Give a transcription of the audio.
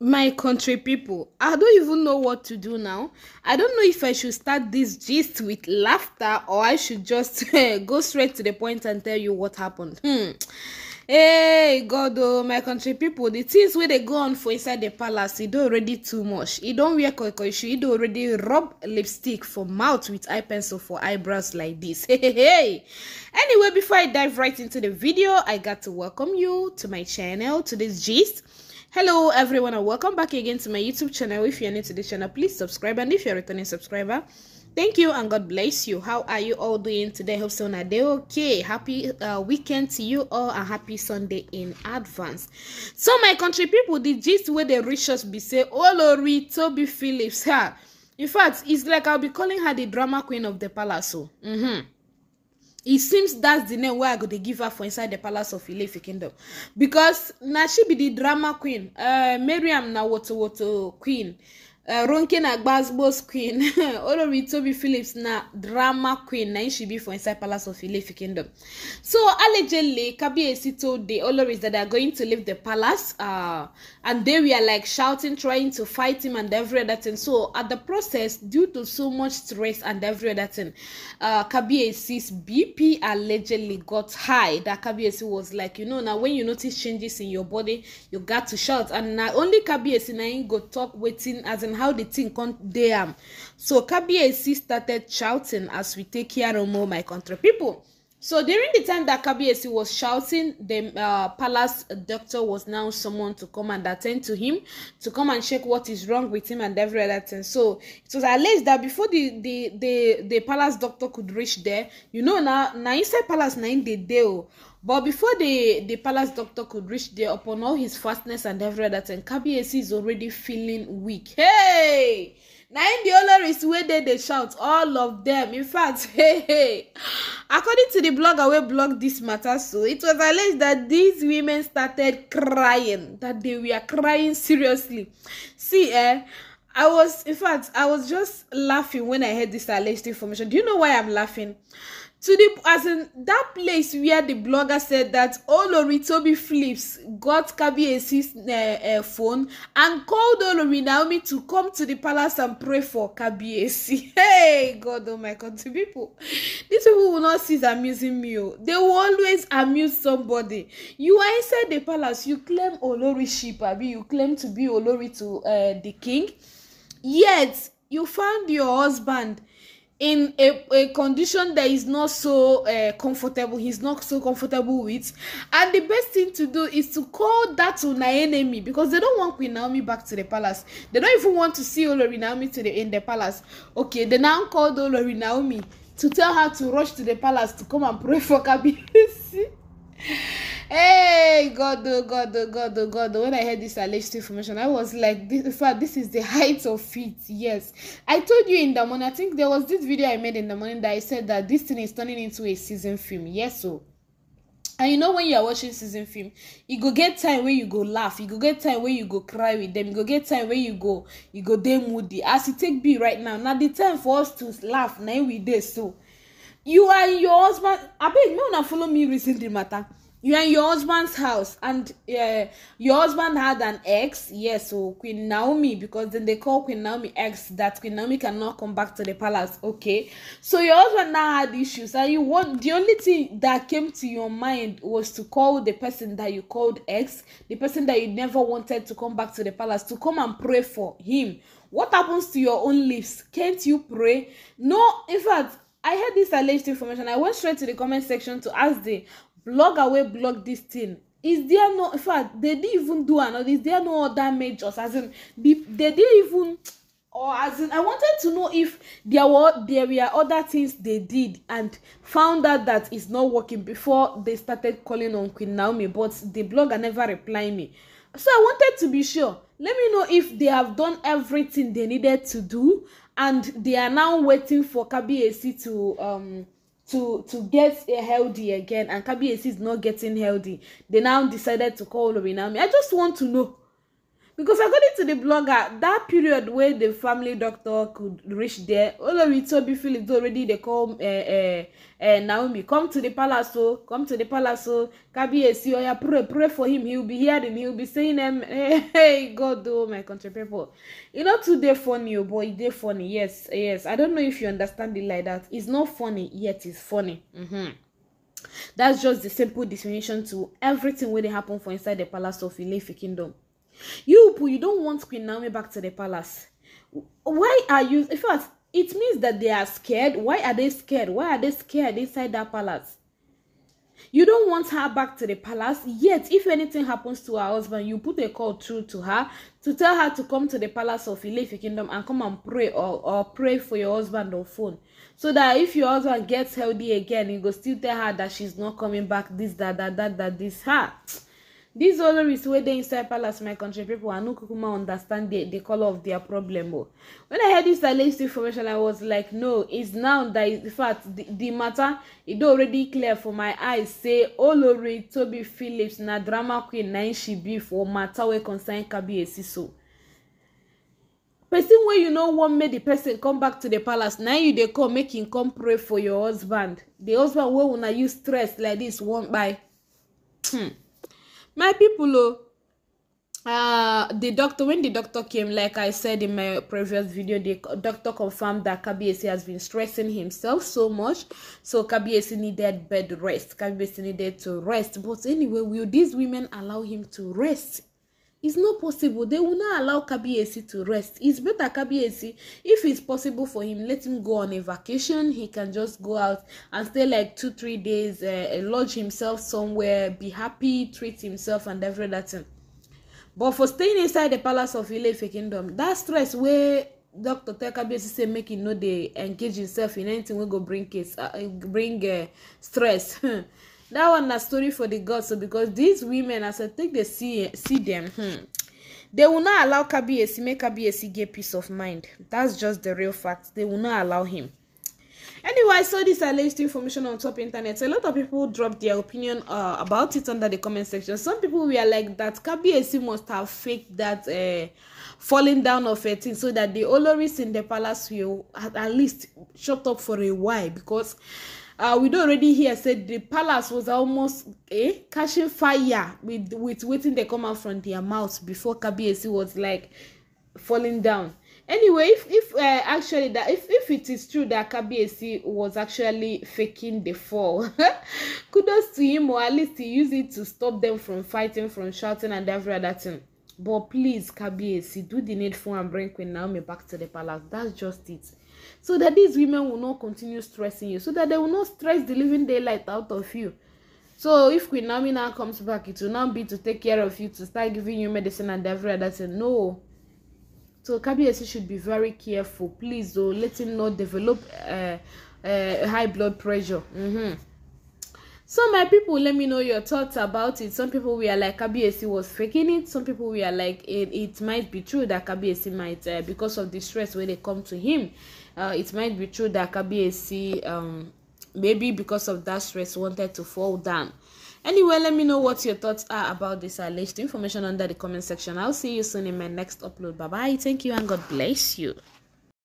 my country people i don't even know what to do now i don't know if i should start this gist with laughter or i should just go straight to the point and tell you what happened hmm. hey god oh my country people the things wey dey go on for inside the palace e don already too much e don wear koikoishu e don already rub lipstick for mouth with eye pencil for eyebrows like this hey, hey anyway before i dive right into the video i got to welcome you to my channel to this gist hello everyone and welcome back again to my youtube channel if you're new to the channel please subscribe and if you're a returning subscriber thank you and god bless you how are you all doing today hope so now they okay happy uh, weekend to you all and happy sunday in advance so my country people the gist where the reach be say olori toby phillips her in fact it's like i'll be calling her the drama queen of the palace so oh. mm-hmm it seems that's the name wey i go dey give her for inside the palace of ilefe kingdom because na she be the drama queen uh, mariam na wotowoto queen Eh, ronke na gbasgbos queen olori Toby phillips na drama queen na im she be for inside palace of ilefi kingdom so allegedly kabiyesi told the oloris that they are going to leave the palace uh, and they were like shouting trying to fight him and every other thing so at the process due to so much stress and every other thing uh, kabiyesi's bp allegedly got high that kabiyesi was like you know now when you notice changes in your body you got to shout and na only kabiyesi na im go talk wetin as in how the thing come dey am so kabiyesi started shouting as we take hear omo my country people So during the time that Kabiesi was shouting, the uh, palace doctor was now someone to come and attend to him, to come and check what is wrong with him and every other thing. So it was alleged that before the the the, the palace doctor could reach there, you know now now inside palace now in the deal. But before the the palace doctor could reach there, upon all his fastness and every other thing, Kabiesi is already feeling weak. Hey na im the oloris wey dey dey shout all of dem in fact hey hey according to the blogger wey blog this matter so it was alleged that these women started crying that they were crying seriously see eh I was, in fact, I was just laughing when I heard this alleged information. Do you know why I'm laughing? to the as in that place where the blogger said that Olori oh, Toby Phillips got Kabiyesi's uh, eh, uh, eh, phone and called Olori Naomi to come to the palace and pray for Kabiyesi. Hey, God, oh my country people, these people will not cease amusing me. Oh. They will always amuse somebody. You are inside the palace, you claim Olori ship, abi you claim to be Olori to uh, the king, yet you found your husband in a, a condition that is not so uh, comfortable he's not so comfortable with and the best thing to do is to call that una enemy because they don't want queen naomi back to the palace they don't even want to see olori naomi to the in the palace okay they now called olori naomi to tell her to rush to the palace to come and pray for kabiyesi hey god oh god oh god oh god oh. when i heard this alleged information i was like this in fact this is the height of it yes i told you in the morning i think there was this video i made in the morning that i said that this thing is turning into a season film yes so oh. and you know when you are watching season film you go get time where you go laugh you go get time where you go cry with them you go get time where you go you go dey moody as you take be right now na the time for us to laugh na we dey so you and your husband abeg make una follow me reason the matter you're in your husband's house and uh, your husband had an ex yes so queen naomi because then they call queen naomi ex that queen naomi cannot come back to the palace okay so your husband now had issues and you want the only thing that came to your mind was to call the person that you called ex the person that you never wanted to come back to the palace to come and pray for him what happens to your own lips can't you pray no in fact I heard this alleged information. I went straight to the comment section to ask the log away block this thing is there no in fact they didn't even do another is there no other majors as in the, they didn't even or as in i wanted to know if there were there were other things they did and found out that it's not working before they started calling on queen naomi but the blogger never replied me so i wanted to be sure let me know if they have done everything they needed to do and they are now waiting for kabiyesi to um to to get healthy again and kabiyesi is not getting healthy they now decided to call orinami i just want to know because according to the blogger that period wey the family doctor could reach there olori tobi phillips already dey call uh, uh, uh, naomi come to the palace o oh, come to the palace o oh. kabiyesi oya pray pray for him he will be hearing he will be saying um, hey, hey god o oh, my country people e no too dey funny o oh, but e dey funny yes yes i don't know if you understand it like that it's not funny yet it's funny. Mm -hmm. that's just the simple definition to everything wey dey happen for inside the palace of ilefi kingdom You, you don't want Queen Naomi back to the palace. Why are you? In fact, it means that they are scared. Why are they scared? Why are they scared inside that palace? You don't want her back to the palace. Yet, if anything happens to her husband, you put a call through to her to tell her to come to the palace of Ilefi Kingdom and come and pray or, or pray for your husband on phone. So that if your husband gets healthy again, you go still tell her that she's not coming back, this, that, that, that, that, this, her these oloris wey dey inside palace my country people i no kukuma understand the, the color of their problem o oh. when i heard this i latest information i was like no it's now that in fact the, the matter e don already clear for my eyes say olori tobi phillips na drama queen na she be for matter wey concern kabiyesi so person wey you no wan make the person come back to the palace na you dey come make him come pray for your husband the husband wey una use stress like this wan kpai my people oh uh the doctor when the doctor came like i said in my previous video the doctor confirmed that KBC has been stressing himself so much so KBC needed bed rest KBC needed to rest but anyway will these women allow him to rest It's not possible. They will not allow Kabiesi to rest. It's better Kabiesi, if it's possible for him, let him go on a vacation. He can just go out and stay like two, three days, uh, lodge himself somewhere, be happy, treat himself, and every that thing. But for staying inside the palace of Ilefe Kingdom, that stress where Dr. Tekabiesi say make him no dey engage himself in anything wey go bring case, uh, bring uh, stress. that one na story for the gods so because these women as i take dey see see them, hmm, they will not allow kabiyesi make kabiyesi get peace of mind that's just the real fact they will not allow him anyway i saw this alleged information on top internet a lot of people dropped their opinion uh, about it under the comment section some people were like that kabiyesi must have faked that uh, falling down of a thing so that the oloris in the palace will at, at least shut up for a while because uh, we don already hear said the palace was almost eh, catching fire with with waiting they come out from their mouth before kabiyesi was like falling down anyway if if uh, actually that if if it is true that kabiyesi was actually faking the fall kudos to him or at least he used it to stop them from fighting from shouting and every other thing But please, Kabiesi, do the needful and bring Queen Naomi back to the palace. That's just it. So that these women will not continue stressing you. So that they will not stress the living daylight out of you. So if Queen Naomi now comes back, it will now be to take care of you, to start giving you medicine and every other thing. No. So Kabiesi should be very careful. Please, though, let him not develop uh, uh, high blood pressure. Mm-hmm. So my people, let me know your thoughts about it. Some people we are like Kabiesi was faking it. Some people we are like it, it might be true that Kabiesi might uh, because of the stress when they come to him. Uh, it might be true that Kabiesi um maybe because of that stress wanted to fall down. Anyway, let me know what your thoughts are about this alleged information under the comment section. I'll see you soon in my next upload. Bye bye. Thank you and God bless you.